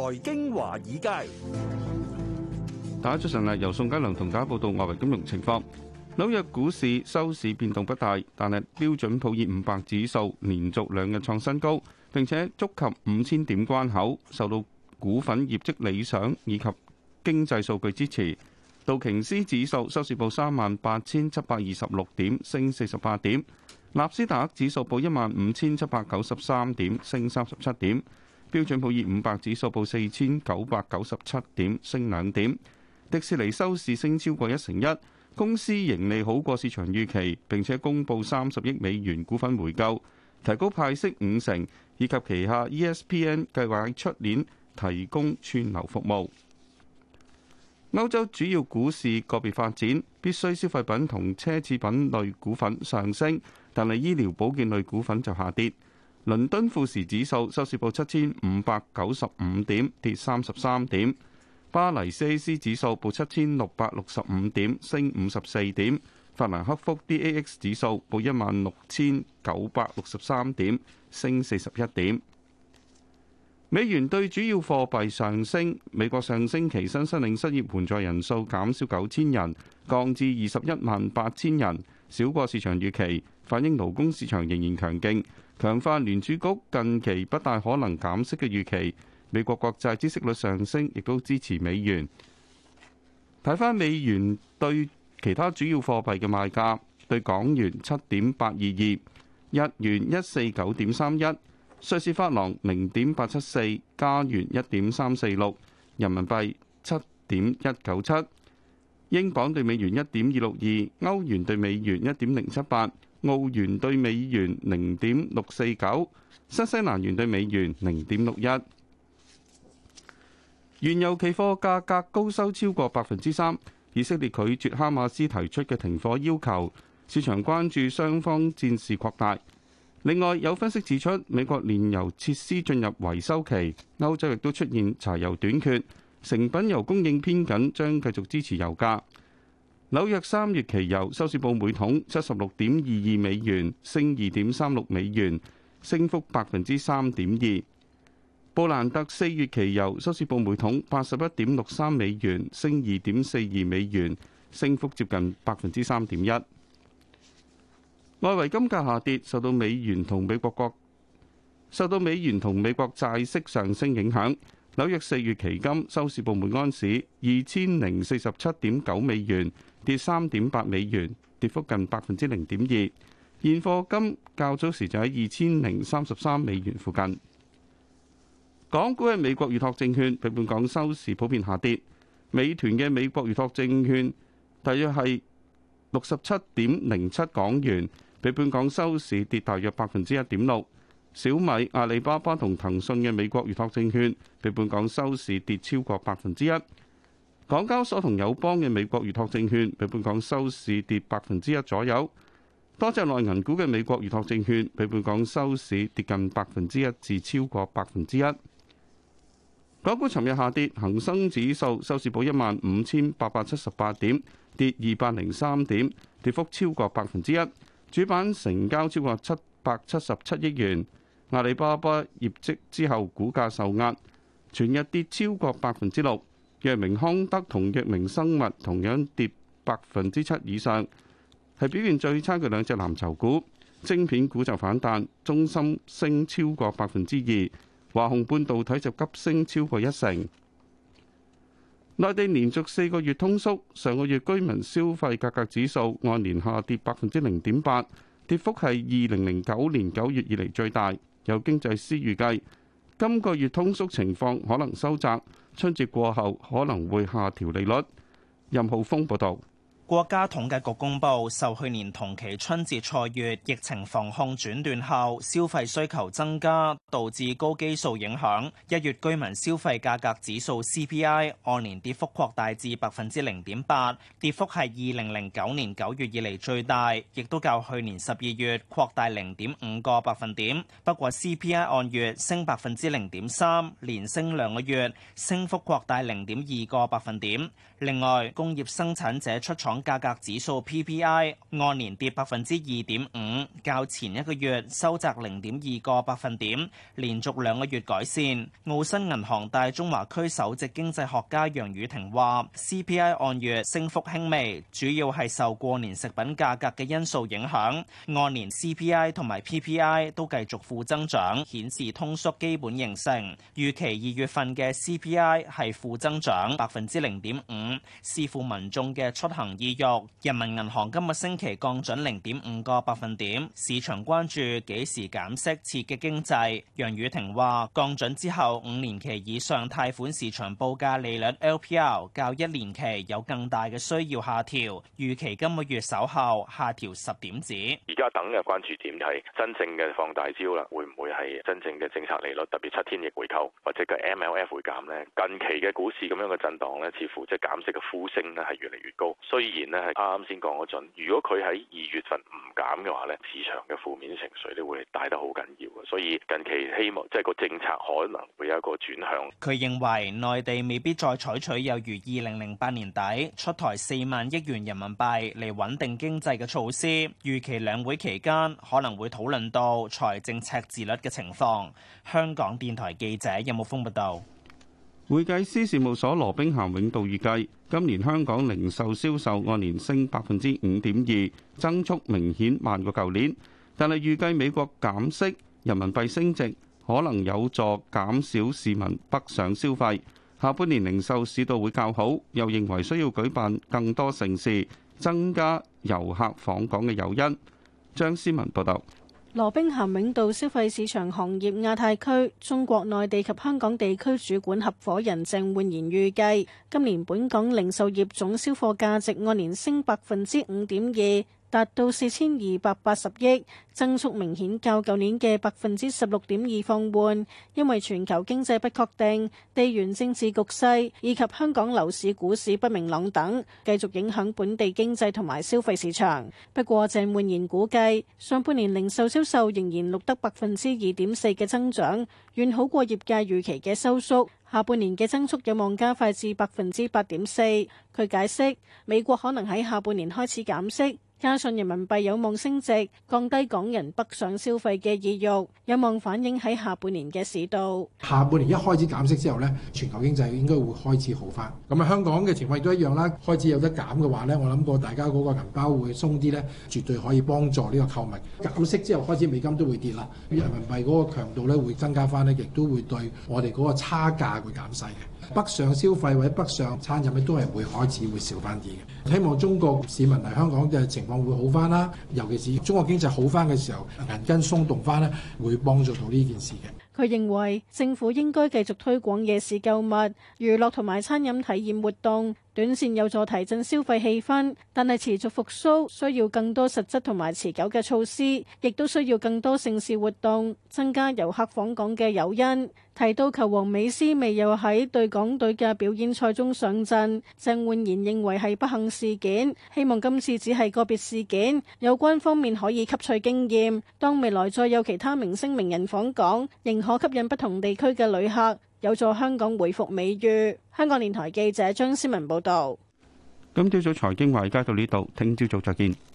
財經華爾街，大家早晨啦！由宋嘉良同大家報道外圍金融情況。紐約股市收市變動不大，但係標準普爾五百指數連續兩日創新高，並且觸及五千點關口，受到股份業績理想以及經濟數據支持。道瓊斯指數收市報三萬八千七百二十六點，升四十八點；納斯達克指數報一萬五千七百九十三點，升三十七點。標準普爾五百指數報四千九百九十七點，升兩點。迪士尼收市升超過一成一，公司盈利好過市場預期，並且公布三十億美元股份回購，提高派息五成，以及旗下 ESPN 計劃喺出年提供串流服務。歐洲主要股市個別發展，必須消費品同奢侈品類股份上升，但係醫療保健類股份就下跌。倫敦富時指數收市報七千五百九十五點，跌三十三點。巴黎 CAC 指數報七千六百六十五點，升五十四點。法蘭克福 DAX 指數報一萬六千九百六十三點，升四十一點。美元兌主要貨幣上升，美國上星期新申領失業援助人數減少九千人，降至二十一萬八千人。少過市場預期，反映勞工市場仍然強勁，強化聯儲局近期不大可能減息嘅預期。美國國債孳息率上升，亦都支持美元。睇翻美元對其他主要貨幣嘅賣價，對港元七點八二二，日元一四九點三一，瑞士法郎零點八七四，加元一點三四六，人民幣七點一九七。英鎊兌美元一點二六二，歐元兌美元一點零七八，澳元兌美元零點六四九，新西蘭元兌美元零點六一。原油期貨價格高收超過百分之三。以色列拒絕哈馬斯提出嘅停火要求，市場關注雙方戰事擴大。另外，有分析指出，美國煉油設施進入維修期，歐洲亦都出現柴油短缺。成品油供應偏緊，將繼續支持油價。紐約三月期油收市報每桶七十六點二二美元，升二點三六美元，升幅百分之三點二。布蘭特四月期油收市報每桶八十一點六三美元，升二點四二美元，升幅接近百分之三點一。外圍金價下跌，受到美元同美國國受到美元同美國債息上升影響。紐約四月期金收市部門安市二千零四十七點九美元，跌三點八美元，跌幅近百分之零點二。現貨金較早時就喺二千零三十三美元附近。港股嘅美國預託證券，比本港收市普遍下跌。美團嘅美國預託證券大約係六十七點零七港元，比本港收市跌大約百分之一點六。小米、阿里巴巴同騰訊嘅美國預託證券，比本港收市跌超過百分之一；港交所同友邦嘅美國預託證券，比本港收市跌百分之一左右。多隻內銀股嘅美國預託證券，比本港收市跌近百分之一至超過百分之一。港股尋日下跌，恒生指數收市報一萬五千八百七十八點，跌二百零三點，跌幅超過百分之一。主板成交超過七百七十七億元。阿里巴巴業績之後，股價受壓，全日跌超過百分之六。藥明康德同藥明生物同樣跌百分之七以上，係表現最差嘅兩隻藍籌股。晶片股就反彈，中芯升超過百分之二，華虹半導體就急升超過一成。內地連續四個月通縮，上個月居民消費價格指數按年下跌百分之零點八，跌幅係二零零九年九月以嚟最大。有經濟師預計，今個月通縮情況可能收窄，春節過後可能會下調利率。任浩峯報道。國家統計局公布，受去年同期春節錯月疫情防控轉段後，消費需求增加，導致高基數影響。一月居民消費價格指數 CPI 按年跌幅擴大至百分之零點八，跌幅係二零零九年九月以嚟最大，亦都較去年十二月擴大零點五個百分點。不過 CPI 按月升百分之零點三，連升兩個月，升幅擴大零點二個百分點。另外，工業生產者出廠價格指數 PPI 按年跌百分之二點五，較前一個月收窄零點二個百分點，連續兩個月改善。澳新銀行大中華區首席經濟學家楊宇霆話：CPI 按月升幅輕微，主要係受過年食品價格嘅因素影響。按年 CPI 同埋 PPI 都繼續負增長，顯示通縮基本形成。預期二月份嘅 CPI 係負增長百分之零點五。視乎民眾嘅出行意欲，人民銀行今個星期降準零點五個百分點，市場關注幾時減息刺激經濟。楊雨婷話：降準之後五年期以上貸款市場報價利率 LPR 較一年期有更大嘅需要下調，預期今個月稍後下調十點子。而家等嘅關注點就係真正嘅放大招啦，會唔會係真正嘅政策利率，特別七天逆回購或者個 MLF 會減呢？近期嘅股市咁樣嘅震蕩呢，似乎就係減。嘅呼聲呢，係越嚟越高，雖然呢，係啱啱先講嗰陣，如果佢喺二月份唔減嘅話，呢市場嘅負面情緒都會帶得好緊要。所以近期希望即係個政策可能會有一個轉向。佢認為內地未必再採取有如二零零八年底出台四萬億元人民幣嚟穩定經濟嘅措施，預期兩會期間可能會討論到財政赤字率嘅情況。香港電台記者任木峰報道。會計師事務所羅兵咸永道預計，今年香港零售銷售按年升百分之五點二，增速明顯慢過舊年。但係預計美國減息、人民幣升值，可能有助減少市民北上消費。下半年零售市道會較好，又認為需要舉辦更多盛事，增加遊客訪港嘅誘因。張思文報道。羅兵咸永道消費市場行業亞太區中國內地及香港地區主管合夥人鄭煥然預計，今年本港零售業總銷貨價值按年升百分之五點二。達到四千二百八十億，增速明顯較舊年嘅百分之十六點二放緩，因為全球經濟不確定、地緣政治局勢以及香港樓市股市不明朗等，繼續影響本地經濟同埋消費市場。不過，鄭滿賢估計上半年零售銷售仍然錄得百分之二點四嘅增長，遠好過業界預期嘅收縮。下半年嘅增速有望加快至百分之八點四。佢解釋，美國可能喺下半年開始減息。加上人民幣有望升值，降低港人北上消費嘅意欲，有望反映喺下半年嘅市道。下半年一開始減息之後呢，全球經濟應該會開始好返。咁啊，香港嘅情況亦都一樣啦。開始有得減嘅話呢，我諗過大家嗰個銀包會鬆啲呢，絕對可以幫助呢個購物。減息之後開始美金都會跌啦，人民幣嗰個強度咧會增加返呢，亦都會對我哋嗰個差價會減細嘅。北上消費或者北上餐飲咧都係會開始會少翻啲嘅，希望中國市民嚟香港嘅情況會好翻啦，尤其是中國經濟好翻嘅時候，銀根鬆動翻咧會幫助到呢件事嘅。佢認為政府應該繼續推廣夜市、購物、娛樂同埋餐飲體驗活動。短線有助提振消費氣氛，但係持續復甦需要更多實質同埋持久嘅措施，亦都需要更多盛事活動增加遊客訪港嘅誘因。提到球王美斯未有喺對港隊嘅表演賽中上陣，鄭煥然認為係不幸事件，希望今次只係個別事件，有關方面可以吸取經驗。當未來再有其他明星名人訪港，仍可吸引不同地區嘅旅客。有助香港回復美譽。香港電台記者張思文報道。今朝早財經華爾街到呢度，聽朝早再見。